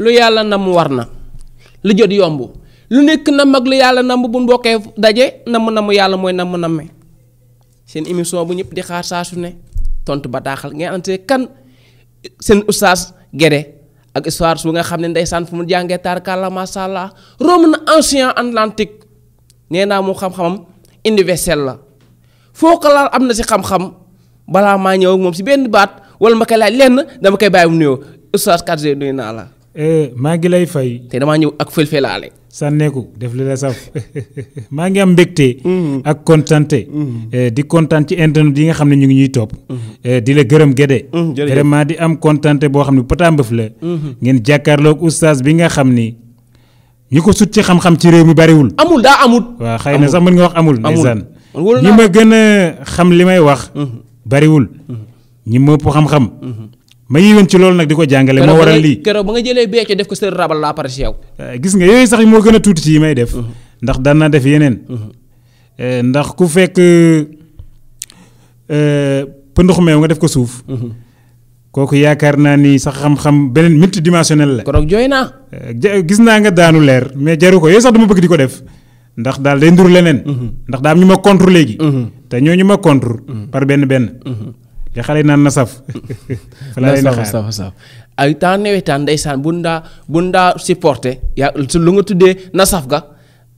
lu yàlla nam war na lu jot yomb lu nekk nam ak lu yàlla nam bu mbokkee daje nam namu yàlla mooy nam namme seen émission bu ñëpp di xaar saa su ne tontu bataaxal ngeen ante kan seen ustaas Guédé ak histoire su nga xam ne ndeysaan fu mu jàngee tarkalla macha allah romb na ancien atlantique nee naa mu xam-xamam universel la foo ko laal am na si xam-xam balaa maa ñëw moom si benn baat wala ma koy laaj lenn dama koy bàyyi mu nuyoo ustaas Guédé Eh, maa ngi lay fay. te damaa ñëw ak fël-fëlaale. sànneeku def li la saf maa ngi am mbégte. Mm-hmm. ak kontante. Mm-hmm. Eh, di kontaan ci internet yi nga xam ne ñu ngi ñuy topp. Mm-hmm. Eh, di la gërëm Guédé. vraiment di am kontante boo xam ne patambëf la. ngeen jàkkaarloog oustaz bi nga xam ni. ñi ko sut ci xam-xam ci réew mi bariwul. amul daa amul. waaw xëy na sax mën nga wax amul. ndeysaan ñi ma gën a xam li may wax. bariwul ñi ma xam-xam. ma yéwén ci loolu nag di ko jàngale. moo waral lii keroog ba nga jëlee becc def ko sër rabal laa pare si yow. Eh, gis nga yooyu sax moo gën a tuuti ci yi may def. Mm-hmm. ndax daan def yeneen. Mm-hmm. Eh, ndax ku fekk eh, pëndux meew nga def ko suuf. Mm-hmm. kooku yaakaar naa ni sax xam-xam beneen multidimensionnel la. keroog jooy naa. gis naa nga daanu leer mais jaru ko yooyu sax dama bëgg di ko def. ndax daal day ndur leneen. ndax daa am ñu ma contre léegi. te ñoo ñu ma contre. par benn benn. te xale naan na saf. ay temps nawetaan ndeysaan bu ndaa bu ndaa supporté yaa lu nga tuddee na saf ga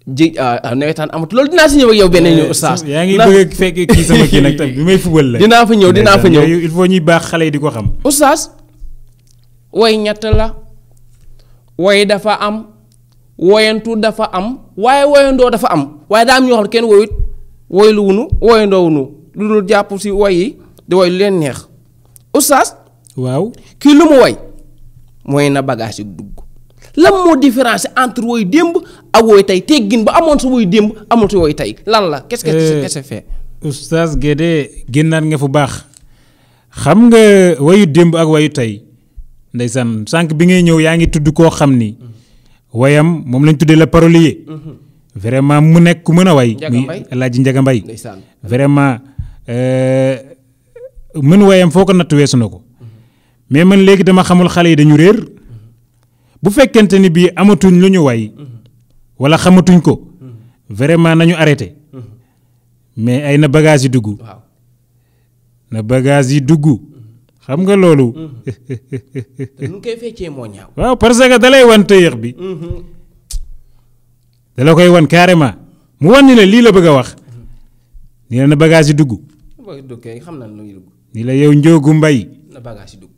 ji ah, ah, nawetaan amatu loolu dinaa si ñëw ak yow benn ñu eh, oustaz. yaa ngi bëgg a fekk kii sama kii nag tam bi may fubal la. dinaa fa ñëw dinaa fa ñëw il faut ñuy baax xale yi di ko xam. oustaz. woy ñett la. woy dafa am. woyantu dafa am. waaye woyandoo dafa am. waaye daa am ñoo xam kenn woyut woylu wunu woyandoo wunu lu dul jàpp si woy yi. di woy lu leen neex oustaz. waaw kii lu mu woy mooy na bagage yi dugg lan moo différence entre woy démb ak woy tey teggin ba amoon sa woy démb amul sa woy tey lan la. qu'est-ce que euh, c'est fait. oustaz génnaat nga fu baax xam nga wayu démb ak wayu tey ndeysaan sànq bi ngay ñëw yaa ngi tudd koo xam ni. wayam moom lañ tuddee la parolier. vraiment mu nekk ku mën a way. muy El Hadj Ndiaga Mbaye mën waayam foo ko natt weesu na ko mais man léegi dama xamul xale yi dañu réer bu fekkente ni bii amatuñ lu ñu way wala xamatuñ ko vraiment nañu arrêté mais ay na bagage yi dugg na bagage yi dugg xam nga loolu. nu koy feccee moo ñaaw. waaw parce que dalay wan tëyeex bi. Mhm. dala koy wan carrément mu wan ni la lii la bëgg a wax. nee na bagage yi xam na dugg ni la yow gu mbay. na bagage yi dugg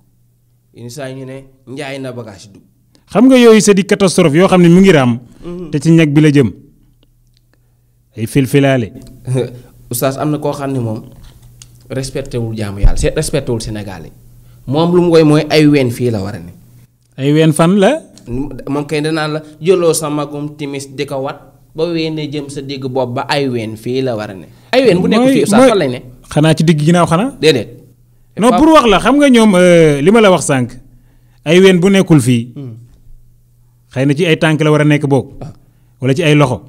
yenn saa ñu ne njaay na bagage yi dugg. xam nga yooyu sa di catastrophe yoo xam ne mu ngi raam. Mhm. te ci ñag bi la jëm. ay filfilaale. oustaz am na koo xam ne moom respecté wul jaamu yàlla c'est respecté wul Sénégal yi moom lu mu koy mooy ay wen fii la war a ne. ay ween fan la. moom kay la jëloo sa magum di ko wat ba weene jëm sa digg bopp ba ay fii la war a ne. ay bu nekk fii oustaz fan lañ ne. xanaa ci digg ginnaaw xanaa. déedéet. non pour wax la xam nga ñoom euh, li ma la wax sànq ay ween bu nekkul fii xëy na ci ay tànk la war a nekk boog wala ci ay loxo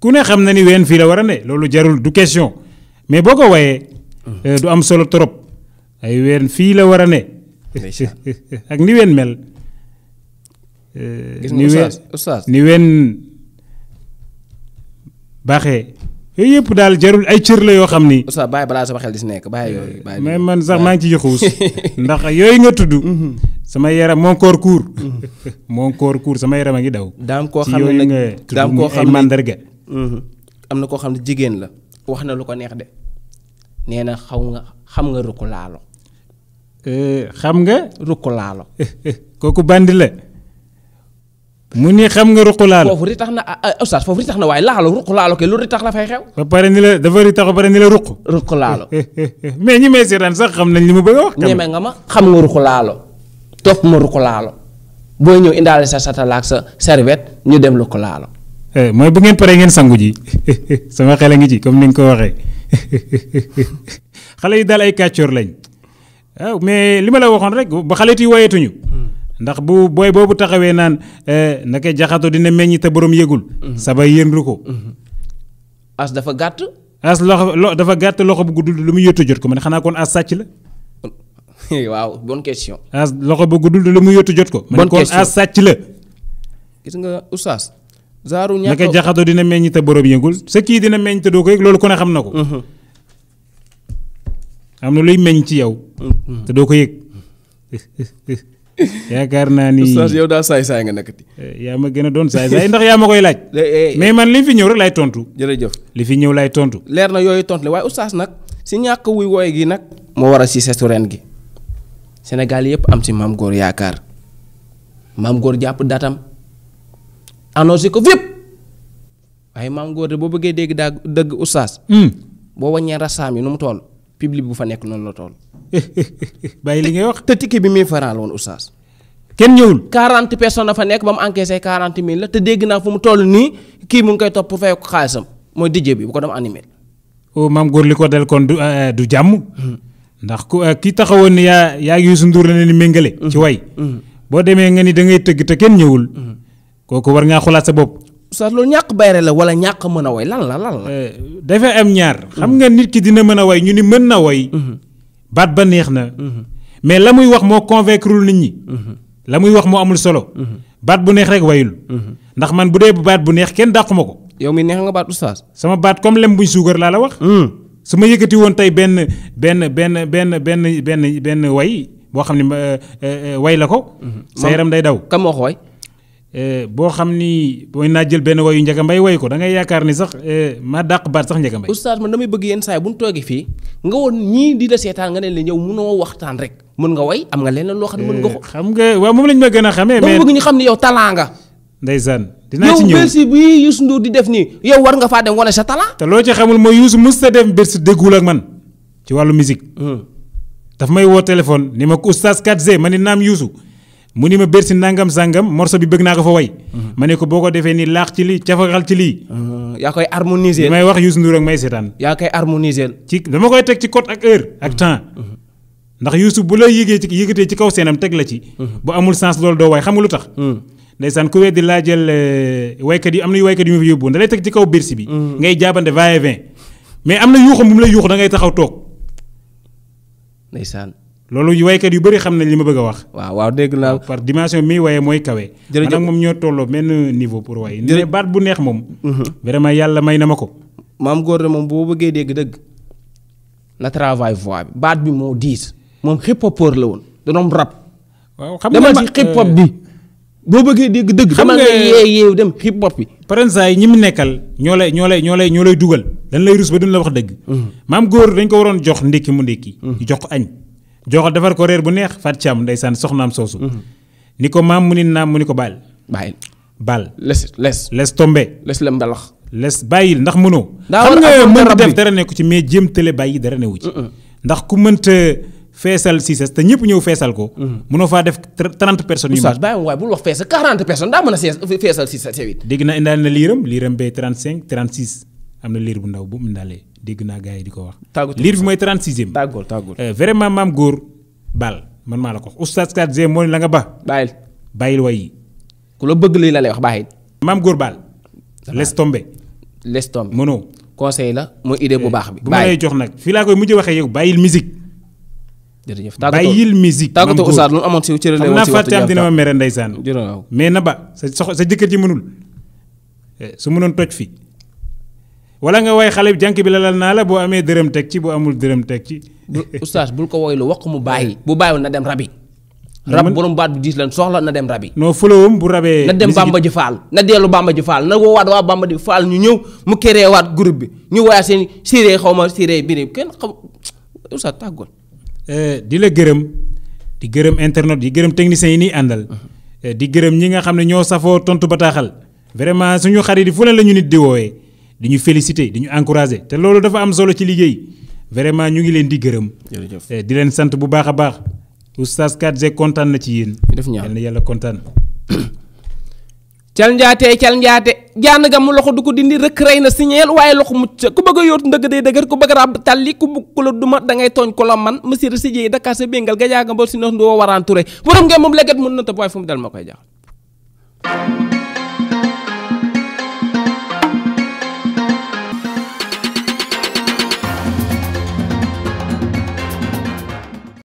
ku ne xam na ni ween fii la war a ne loolu jarul du question mais boo ko wayee euh, du am solo trop ay ween fii la war a ne ak ni ween mel. gis euh, nga ni ween baaxee. yooyu yëpp daal jarul ay cër la yoo xam ni. oustaz bàyyi balaa sama xel di nekk bàyyi yooyu. Euh, bàyyi mais man sax maa ngi ciy xuus ndax yooyu nga tudd. Mhm. sama yaram mon corps court. mon corps court sama yaram a ngi daw. daam koo xam ne nag daam koo xam ne mhm. am na koo xam ne jigéen la. wax na lu ko neex de nee na xaw nga xam nga rukk laalo. Euh, xam nga. rukk laalo. kooku bandi la. mu ni xam nga ruqulaalo foofu ritax na oustaz foofu ritax na waaye laalo ruqulaalo ke lu ritax la fay xew. ba pare ni la dafa ritax ba pare ni la ruq. ruqulaalo. mais ñi may seetaan sax xam nañ li mu bëgg a wax. ñeme nga ma xam nga ruqulaalo. topp ma ruqulaalo. booy ñëw indaale sa satalaak sa serviette ñu dem ruqulaalo. Eh, mooy bu ngeen paree ngeen sangu ji sama xel a ngi ci comme ni nga ko waxee xale yi daal ay kàccoor lañ waaw mais li ma la waxoon rek ba xale yi woyeetuñu. ndax bu booy boobu taxawee naan eh, naka jaxato dina meññ te borom yëgul. Mhm. sabay yëndu ko. Mhm. dafa gàtt. as loxo dafa gàtt loxo bu guddul lu jot ko xanaa kon as la. waaw bonne question. loxo bu guddul lu mu yottu jot ko. bonne question man sàcc la. gis nga oustaz. zaaru dina meññ te borom yëgul sa kii dina meññ te doo ko yëg loolu ku xam na ko. Mhm. am na luy meññ ci yow. te doo ko yëg. yaakaar naa ni oustaz yow daal saay saay nga nekkati. Eh, yaa ma gën a doon saay saay ndax yaa ma koy laaj. Eh, eh, mais man li fi ñëw rek lay tontu. jërëjëf li fi ñëw lay tontu. leer na yooyu tontu la waaye oustaz nag si ñàkk wuy wooy gi nag. moo war a si seetu ren gi. Sénégal yëpp am si maam góor yaakaar maam góor jàpp datam annoncé ko fépp waaye maam góor de boo bëggee dégg daa dëgg oustaz. Hmm. boo wàññee rasaam yi nu mu toll. public bu fa nekk noonu la toll. bàyyi li ngay wax te ticket bi 1000 francs la woon oustaz. kenn ñëwul 40 personnes dafa nekk ba mu encaissé 40 mille la te dégg naa fu mu toll nii kii mu ngi koy topp fay ko xaalisam mooy DJ bi bu ko dem animé. oh maam góor li ko del kon du euh, du jàmm. ndax ku euh, ki taxawoon ni yaa yaa ngi Youssou Ndour la leen di méngale. ci way mm-hmm. boo demee nga ni da ngay tëgg te kenn ñëwul. Mm-hmm. kooku war ngaa xulaat sa bopp. oustaz loolu ñàkk bayre la wala ñàkk mën a woy lan la lan la. Eh, dafa am ñaar. xam nga nit ki dina mën a woy ñu ni mën na woy. Mhm. baat ba neex na. Mhm. mais la muy wax moo convaincre nit ñi. Mhm. la muy wax moo amul solo. baat bu neex rek wayul. ndax man bu dee baat bu neex kenn dàquma ko. yow mi neex nga baat oustaz. sama baat comme lem buñ suukar laa la wax. su ma yëkkati woon tey benn benn benn benn benn benn benn way boo xam ne eh, eh, way la ko. sa yaram day daw. kan moo ko way Eh, boo xam ni mooy naa jël benn woyu Ndiaga mbay woy ko da ngay yaakaar ni sax eh, ma dàq baat sax Ndiaga Mbaye oustaz man damay bëgg yenn saa bu ñu toogee fii nga woon ñii di la seetaan nga ne la ñëw mënoo waxtaan rek mën nga woy am nga leneen loo xam ne mën nga ko eh, xam nga waaw moom lañ ma gën a xamee xam ne yow talent nga ndeysaan dinaa ci ñëw yow Bercy di def nii yow war nga faa dem wane sa talent te loo ci xamul mooy Youssou mës ta def Bercy déggul ak man ci wàllu musique hmm. daf may woo téléphone ni ma ko oustaz ma ni naam Youssou mu ni ma bersi nangam sangam morceau bi bëgg naa ko fa way. ma ne ko boo ko defee nii laax ci lii cafaxal ci lii. Euh, yaa koy harmoniser. may wax Youssou Ndour ak may seetaan. yaa koy harmoniser. ci dama koy teg ci code ak heure ak temps. ndax Youssou bu la yëgee ci yëgatee ci kaw seenam teg la ci. bu amul sens loolu doo waay xam nga lu tax. Hmm. ndeysaan ku weddi laa jël euh, waykat yi am na yu waykat yu ma fi yóbbu da lay teg ci kaw bersi bi. Hmm. ngay jaabante va et mais am na yuuxam bu mu lay yuux da ngay taxaw toog. ndeysaan. loolu yu waykat yu bëri xam na li ma bëgg a wax. waaw waaw dégg naa par dimension mii waaye mooy kawe. jërëjëf man moom ñoo tolloo benn niveau pour waaye. jërëjëf baat bu neex moom. Mhm. vraiment yàlla may na ma ko. maam góor moom boo bëggee dégg dëgg na travail bi baat bi moo diis moom hip hopeur la woon danoom rap. waaw xam nga dama ci hip euh, bi. boo bëggee dégg dëgg. xam nga yee yeew dem hip hop bi. parents yi ñi mu nekkal ñoo lay ñoo lay ñoo lay ñoo lay dugal. dañ lay rus ba duñ la wax dëgg. Mhm. maam góor dañ ko waroon jox ndékki mu ndékki. Mhm. jox ko añ joxal defar ko reer bu neex Fatou Thiam ndeysaan soxnaam soosu. Mhm. ni ko maam mu ni naam mu ni ko baal. bàyyil baal. les les les tombé. les lem dalax. les bàyyil ndax mënoo. xam nga mën def dara nekku ci mais jéem tële bàyyi dara newu ci. ndax ku mënta feesal Cissé te ñëpp ñëw feesal ko. mënoo faa def trente personnes. yu ma bàyyi waaye bul wax feesal quarante personnes daa mën a feesal Cissé. dégg naa indaal na liiram liiram bay trente cinq trente six. am na liir bu ndaw bu mu ndalee dégg naa gars yi di ko wax. tàggatoo liir bi mooy 36eem. tàggoo tàggoo vraiment maam góor baal man maa la ko wax oustaz mooy la nga ba. bàyyil bàyyil way yi. ku la bëgg lii la lay wax bàyyil. maam góor baal. laisse tomber. laisse tomber mënoo. conseil la mooy idée bu baax bi. Euh, bu ma lay jox nag fii laa koy mujj waxee yow bàyyil musique. jërëjëf tàggatoo bàyyil musique. maam góor tàggatoo oustaz lu mu amoon si cërale woon si waxtu jàpp dina ma mere ndeysaan. mais na ba sa sox sa jëkkër ji mënul euh, su mënoon toj fii wala nga way xale bi jànk bi lalal naa la boo amee dërëm teg ci bu amul dërëm teg ci. bu oustaz bul ko lu wax mu bàyyi. Eh. bu bàyyiwul na dem rabi. rab borom baat bi diis lan soxla na dem rabi. non fulawam bu rabee. na dem bamba ji faal na dellu bamba ji faal na woowaat waa bamba ji faal ñu ñëw mu waat groupe bi ñu woyaat seen siree xaw ma siree biir kenn xam oustaz tàggoon. Eh, di la gërëm di gërëm internet di gërëm techniciens yi nii àndal. Mhm. Eh, di gërëm ñi nga xam ne ñoo safoo tontu bataaxal. vraiment suñu xarit yi fu la ñu nit di di ñu félicité di ñu encourager te loolu dafa am solo ci liggéey vraiment ñu ngi leen di gërëm. Eh, di leen sant bu baax a baax. oustaz 4G kontaan na ci yéen. def ñaar na yàlla kontaan. cal njaate cal njaate jaan ga mu loxo du ko dindi rëkk rey na siñeel waaye loxo mucc ku bëgg a yóotu ndëgg day dëgër ku bëgg a ràbb tàlli ku bugg ku la duma da ngay tooñ ko la man monsieur si jeey Dakar sa béngal ga jaaga mbol si nox ndu waraan ture borom ngeen moom leget mun na tëb waaye fu ma koy jaaxal